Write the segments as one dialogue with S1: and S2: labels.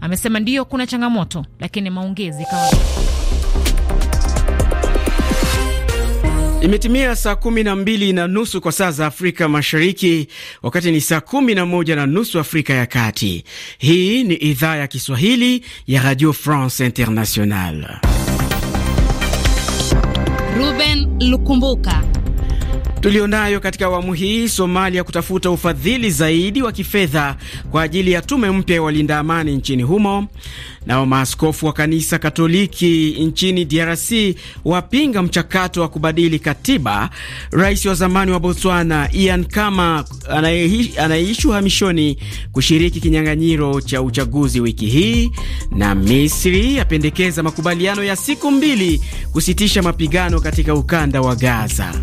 S1: Amesema ndiyo kuna changamoto, lakini maongezi kawa
S2: Imetimia saa kumi na mbili na nusu kwa saa za Afrika Mashariki, wakati ni saa kumi na moja na nusu Afrika ya Kati. Hii ni idhaa ya Kiswahili ya Radio France International.
S1: Ruben Lukumbuka
S2: tulionayo katika awamu hii. Somalia kutafuta ufadhili zaidi wa kifedha kwa ajili ya tume mpya ya walinda amani nchini humo. Nao maaskofu wa kanisa Katoliki nchini DRC wapinga mchakato wa kubadili katiba. Rais wa zamani wa Botswana Ian Khama anayeishi uhamishoni kushiriki kinyang'anyiro cha uchaguzi wiki hii, na Misri yapendekeza makubaliano ya siku mbili kusitisha mapigano katika ukanda wa Gaza.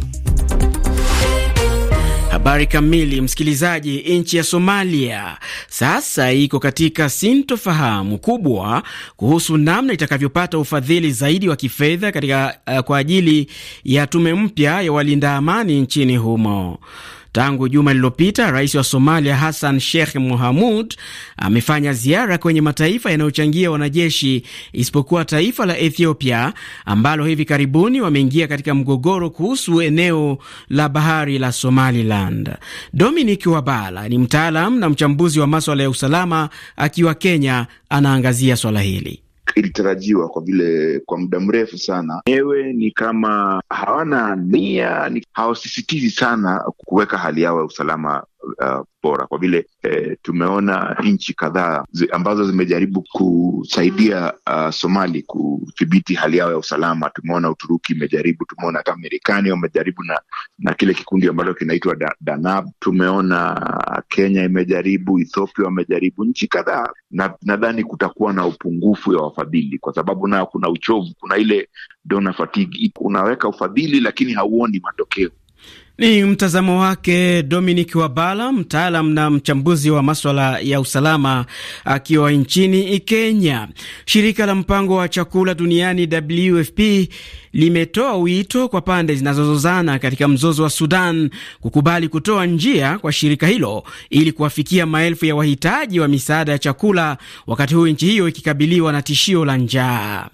S2: Habari kamili, msikilizaji. Nchi ya Somalia sasa iko katika sintofahamu kubwa kuhusu namna itakavyopata ufadhili zaidi wa kifedha katika uh, kwa ajili ya tume mpya ya walinda amani nchini humo. Tangu juma lililopita, rais wa Somalia Hassan Sheikh Mohamud amefanya ziara kwenye mataifa yanayochangia wanajeshi isipokuwa taifa la Ethiopia ambalo hivi karibuni wameingia katika mgogoro kuhusu eneo la bahari la Somaliland. Dominic Wabala ni mtaalam na mchambuzi wa maswala ya usalama akiwa Kenya, anaangazia swala hili ilitarajiwa kwa vile kwa muda mrefu sana ewe ni kama hawana nia, hawasisitizi sana kuweka hali yao ya usalama uh, bora kwa vile eh, tumeona nchi kadhaa zi, ambazo zimejaribu kusaidia uh, Somali kudhibiti hali yao ya usalama. Tumeona Uturuki imejaribu, tumeona hata Marekani wamejaribu na, na kile kikundi ambacho kinaitwa da, Danab. Tumeona Kenya imejaribu, Ethiopia wamejaribu, nchi kadhaa. Nadhani na kutakuwa na upungufu ya wafadhili kwa sababu nao kuna uchovu, kuna ile dona unaweka ufadhili lakini hauoni matokeo. Ni mtazamo wake Dominic Wabala, mtaalam na mchambuzi wa maswala ya usalama akiwa nchini Kenya. Shirika la mpango wa chakula duniani WFP limetoa wito kwa pande zinazozozana katika mzozo wa Sudan kukubali kutoa njia kwa shirika hilo ili kuwafikia maelfu ya wahitaji wa misaada ya chakula, wakati huu nchi hiyo ikikabiliwa na tishio la njaa.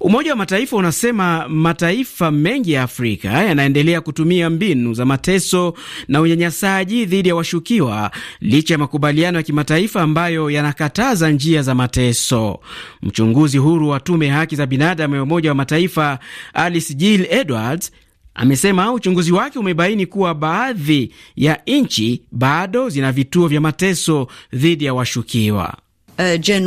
S2: Umoja wa Mataifa unasema mataifa mengi ya Afrika yanaendelea kutumia mbinu za mateso na unyanyasaji dhidi ya washukiwa licha ya makubaliano ya kimataifa ambayo yanakataza njia za mateso. Mchunguzi huru wa tume ya haki za binadamu ya Umoja wa Mataifa Alice Jill Edwards amesema uchunguzi wake umebaini kuwa baadhi ya nchi bado zina vituo vya mateso dhidi ya washukiwa.
S1: Uh, uh,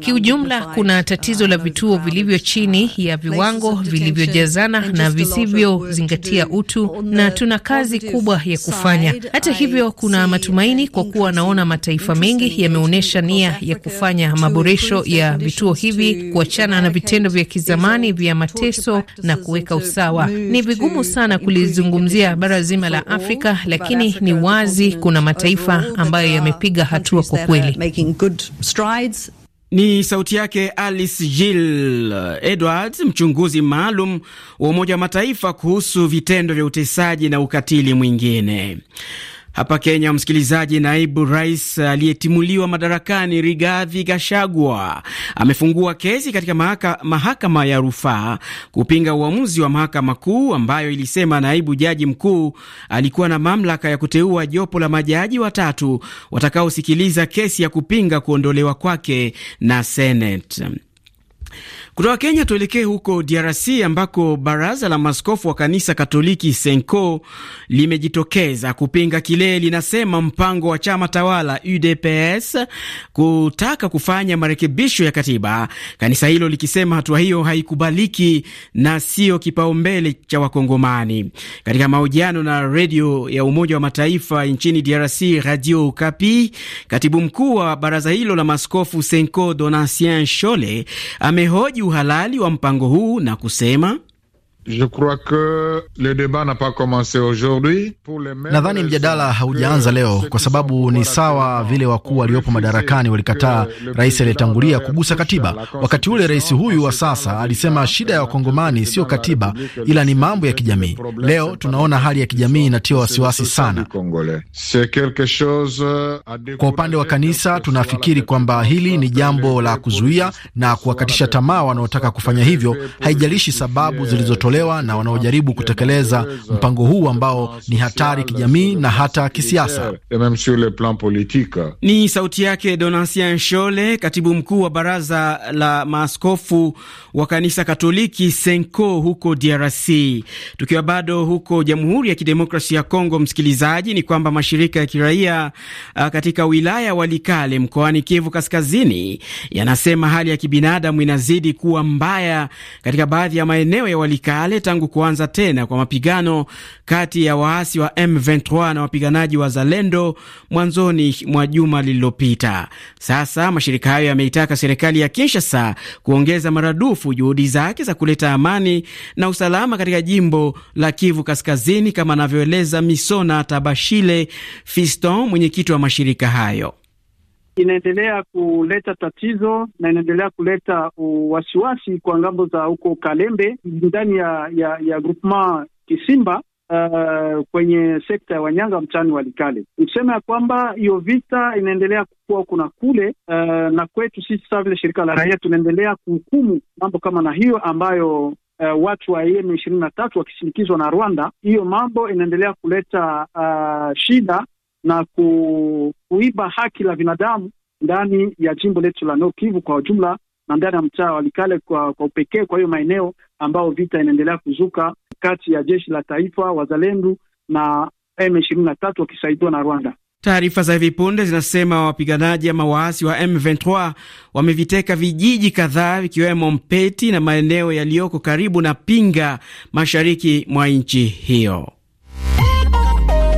S1: kiujumla, kuna tatizo la uh, vituo vilivyo chini ya viwango vilivyojazana na visivyozingatia utu, na tuna kazi kubwa ya kufanya. Hata hivyo, kuna matumaini kwa kuwa naona mataifa mengi yameonyesha nia ya kufanya maboresho ya vituo hivi, kuachana na vitendo vya kizamani vya mateso na kuweka usawa. Ni vigumu sana kulizungumzia bara zima la Afrika, lakini ni wazi kuna mataifa ambayo yamepiga hatua kwa kweli.
S2: Ni sauti yake Alice Jill Edwards, mchunguzi maalum wa Umoja wa Mataifa kuhusu vitendo vya utesaji na ukatili mwingine. Hapa Kenya, msikilizaji, naibu rais aliyetimuliwa madarakani Rigathi Gachagua amefungua kesi katika mahaka, mahakama ya rufaa kupinga uamuzi wa mahakama kuu ambayo ilisema naibu jaji mkuu alikuwa na mamlaka ya kuteua jopo la majaji watatu watakaosikiliza kesi ya kupinga kuondolewa kwake na Senate. Kutoka Kenya tuelekee huko DRC ambako baraza la maskofu wa kanisa Katoliki Senko limejitokeza kupinga kile linasema mpango wa chama tawala UDPS kutaka kufanya marekebisho ya katiba, kanisa hilo likisema hatua hiyo haikubaliki na sio kipaumbele cha Wakongomani. Katika mahojiano na redio ya Umoja wa Mataifa nchini DRC, Radio Okapi, katibu mkuu wa baraza hilo la maskofu Senko Donatien Shole ame amehoji uhalali wa mpango huu na kusema Je crois que le n'a pas
S1: aujourd'hui.
S2: Nadhani mjadala haujaanza leo, kwa sababu ni sawa vile wakuu waliopo madarakani walikataa rais aliyetangulia kugusa katiba. Wakati ule rais huyu wa sasa alisema shida ya wakongomani siyo katiba, ila ni mambo ya kijamii. Leo tunaona hali ya kijamii inatia wasiwasi sana.
S1: Euh,
S2: kwa upande wa kanisa, tunafikiri kwamba hili ni jambo la kuzuia na kuwakatisha tamaa wanaotaka kufanya hivyo, haijalishi sababu zilizotolewa wanaotolewa na wanaojaribu kutekeleza mpango huu ambao ni hatari kijamii na hata kisiasa. Ni sauti yake Donatien Shole, katibu mkuu wa baraza la maaskofu wa kanisa Katoliki Senko huko DRC. Tukiwa bado huko Jamhuri ya Kidemokrasia ya Kongo, msikilizaji, ni kwamba mashirika ya kiraia ah, katika wilaya Walikale mkoani Kivu Kaskazini yanasema hali ya kibinadamu inazidi kuwa mbaya katika baadhi ya maeneo ya Walikale yale tangu kuanza tena kwa mapigano kati ya waasi wa M23 na wapiganaji wa Zalendo mwanzoni mwa juma lililopita. Sasa mashirika hayo yameitaka serikali ya Kinshasa kuongeza maradufu juhudi zake za kuleta amani na usalama katika jimbo la Kivu Kaskazini, kama anavyoeleza Misona Tabashile Fiston, mwenyekiti wa mashirika hayo inaendelea kuleta tatizo na inaendelea kuleta wasiwasi kwa ngambo za huko Kalembe ndani ya ya, ya groupement Kisimba. Uh, kwenye sekta ya Wanyanga mtaani Walikale, nikusema ya kwamba hiyo vita inaendelea kukua huko na kule. Uh, na kwetu sisi saa vile shirika la raia tunaendelea kuhukumu mambo kama na hiyo ambayo uh, watu wa M ishirini na tatu wakisindikizwa na Rwanda, hiyo mambo inaendelea kuleta uh, shida na ku, kuiba haki la binadamu ndani ya jimbo letu la Nord Kivu kwa ujumla na ndani ya mtaa walikale kwa, kwa upekee. Kwa hiyo maeneo ambayo vita inaendelea kuzuka kati ya jeshi la taifa wazalendo na M23 wakisaidiwa na Rwanda. Taarifa za hivi punde zinasema wapiganaji ama waasi wa M23 wameviteka vijiji kadhaa vikiwemo Mpeti na maeneo yaliyoko karibu na Pinga mashariki mwa nchi hiyo.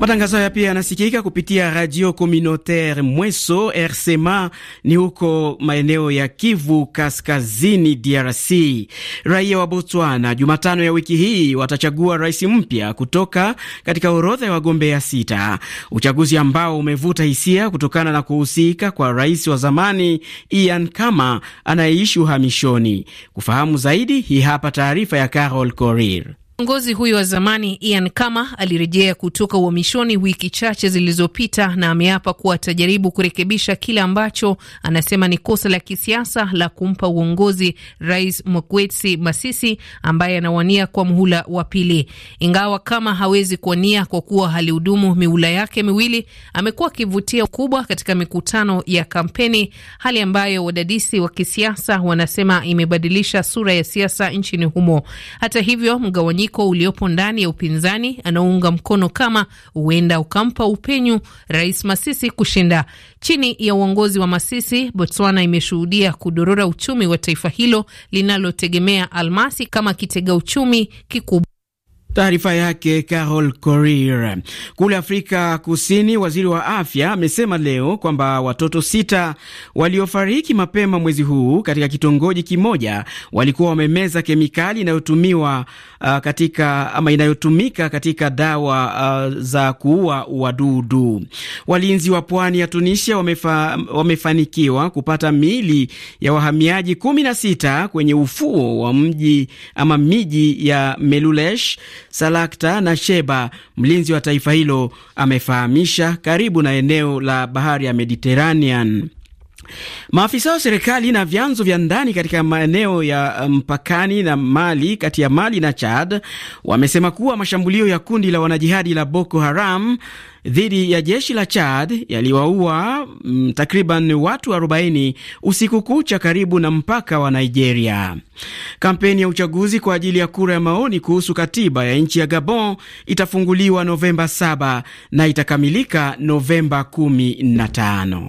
S2: Matangazo haya pia yanasikika kupitia Radio Communautaire Mweso RCMA ni huko maeneo ya Kivu Kaskazini, DRC. Raia wa Botswana Jumatano ya wiki hii watachagua rais mpya kutoka katika orodha ya wagombea sita, uchaguzi ambao umevuta hisia kutokana na kuhusika kwa rais wa zamani Ian Kama anayeishi uhamishoni. Kufahamu zaidi, hii hapa taarifa ya Carol Korir.
S1: Kiongozi huyo wa zamani Ian Kama alirejea kutoka uhamishoni wiki chache zilizopita na ameapa kuwa atajaribu kurekebisha kile ambacho anasema ni kosa la kisiasa la kumpa uongozi Rais Mokgweetsi Masisi ambaye anawania kwa mhula wa pili. Ingawa Kama hawezi kuwania kwa kuwa alihudumu mihula yake miwili, amekuwa akivutia kubwa katika mikutano ya kampeni, hali ambayo wadadisi wa kisiasa wanasema imebadilisha sura ya siasa nchini humo. Hata hivyo mgawanyi mgawanyiko uliopo ndani ya upinzani anaounga mkono kama huenda ukampa upenyu Rais Masisi kushinda. Chini ya uongozi wa Masisi, Botswana imeshuhudia kudorora uchumi wa taifa hilo linalotegemea almasi kama kitega uchumi kikubwa.
S2: Taarifa yake Carol Korir. Kule Afrika Kusini, waziri wa afya amesema leo kwamba watoto sita waliofariki mapema mwezi huu katika kitongoji kimoja walikuwa wamemeza kemikali inayotumiwa uh, katika ama inayotumika katika dawa uh, za kuua wadudu. Walinzi wa pwani ya Tunisia wamefa, wamefanikiwa kupata miili ya wahamiaji kumi na sita kwenye ufuo wa mji ama miji ya Melulesh Salakta na Sheba, mlinzi wa taifa hilo amefahamisha, karibu na eneo la bahari ya Mediterranean. Maafisa wa serikali na vyanzo vya ndani katika maeneo ya uh, mpakani na Mali kati ya Mali na Chad wamesema kuwa mashambulio ya kundi la wanajihadi la Boko Haram dhidi ya jeshi la Chad yaliwaua mm, takriban watu 40 usiku kucha karibu na mpaka wa Nigeria. Kampeni ya uchaguzi kwa ajili ya kura ya maoni kuhusu katiba ya nchi ya Gabon itafunguliwa Novemba 7 na itakamilika Novemba 15.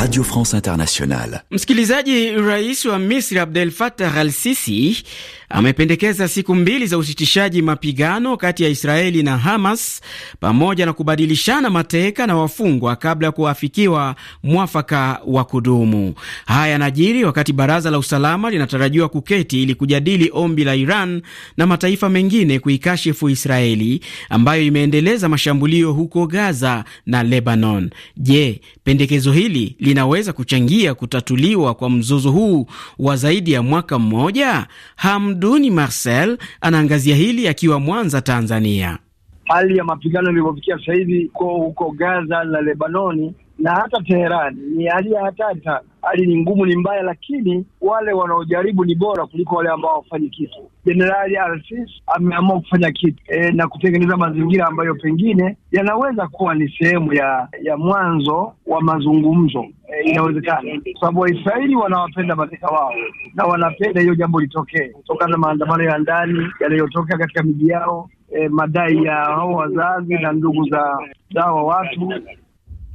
S2: Radio France Internationale. Msikilizaji, rais wa Misri Abdel Fattah al-Sisi amependekeza siku mbili za usitishaji mapigano kati ya Israeli na Hamas pamoja na kubadilishana mateka na wafungwa kabla ya kuafikiwa mwafaka wa kudumu. Haya yanajiri wakati baraza la usalama linatarajiwa kuketi ili kujadili ombi la Iran na mataifa mengine kuikashifu Israeli ambayo imeendeleza mashambulio huko Gaza na Lebanon. Je, pendekezo hili linaweza kuchangia kutatuliwa kwa mzozo huu wa zaidi ya mwaka mmoja? Hamduni Marcel anaangazia hili akiwa Mwanza, Tanzania. Hali ya mapigano ilivyofikia sasa hivi ko huko Gaza na Lebanoni na hata Teherani ni hali ya hatari sana. Hali ni ngumu, ni mbaya, lakini wale wanaojaribu ni bora kuliko wale ambao hawafanyi kitu. Jenerali Al-Sisi ameamua kufanya kitu e, na kutengeneza mazingira ambayo pengine yanaweza kuwa ni sehemu ya ya mwanzo wa mazungumzo. Eh, inawezekana, sababu Waisraeli wanawapenda mateka wao na wanapenda hilo jambo litokee, kutokana na maandamano ya ndani yanayotokea katika miji yao, eh, madai ya hao wazazi na ndugu za dawa watu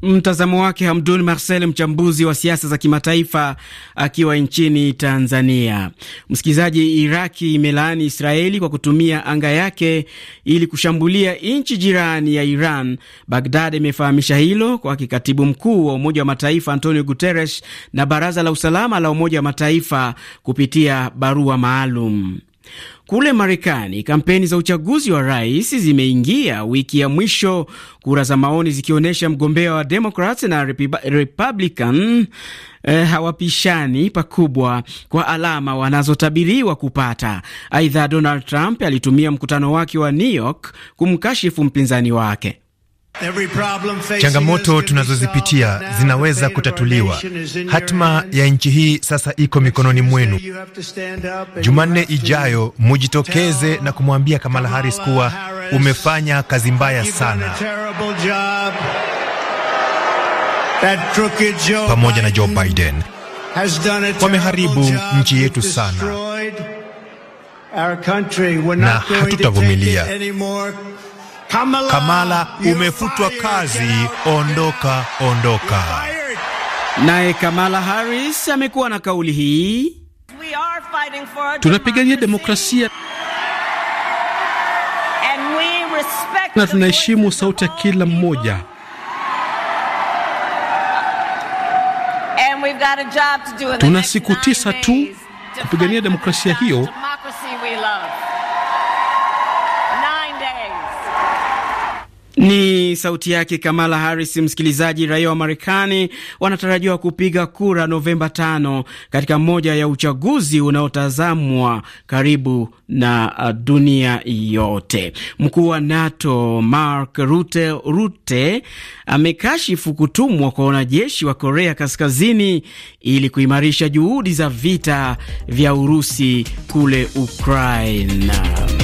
S2: mtazamo wake Hamdun Marcel, mchambuzi wa siasa za kimataifa akiwa nchini Tanzania. Msikilizaji, Iraki imelaani Israeli kwa kutumia anga yake ili kushambulia nchi jirani ya Iran. Bagdad imefahamisha hilo kwa kikatibu mkuu wa Umoja wa Mataifa Antonio Guterres na Baraza la Usalama la Umoja wa Mataifa kupitia barua maalum. Kule Marekani, kampeni za uchaguzi wa rais zimeingia wiki ya mwisho, kura za maoni zikionyesha mgombea wa Democrats na Republican eh, hawapishani pakubwa kwa alama wanazotabiriwa kupata. Aidha, Donald Trump alitumia mkutano wake wa New York kumkashifu mpinzani wake. Changamoto tunazozipitia zinaweza kutatuliwa. Hatima ya nchi hii sasa iko mikononi mwenu. Jumanne ijayo mujitokeze na kumwambia Kamala Harris kuwa umefanya kazi mbaya sana, pamoja na Joe Biden wameharibu nchi yetu sana, na hatutavumilia Kamala, Kamala umefutwa kazi, ondoka ondoka. Naye Kamala Harris amekuwa na kauli hii,
S1: tunapigania demokrasia na tunaheshimu
S2: sauti ya kila mmoja.
S1: Tuna siku tisa tu
S2: kupigania demokrasia hiyo Ni sauti yake Kamala Harris. Msikilizaji, raia wa Marekani wanatarajiwa kupiga kura Novemba tano katika moja ya uchaguzi unaotazamwa karibu na uh, dunia yote. Mkuu wa NATO Mark Rutte, Rutte amekashifu kutumwa kwa wanajeshi wa Korea Kaskazini ili kuimarisha juhudi za vita vya Urusi kule Ukraine.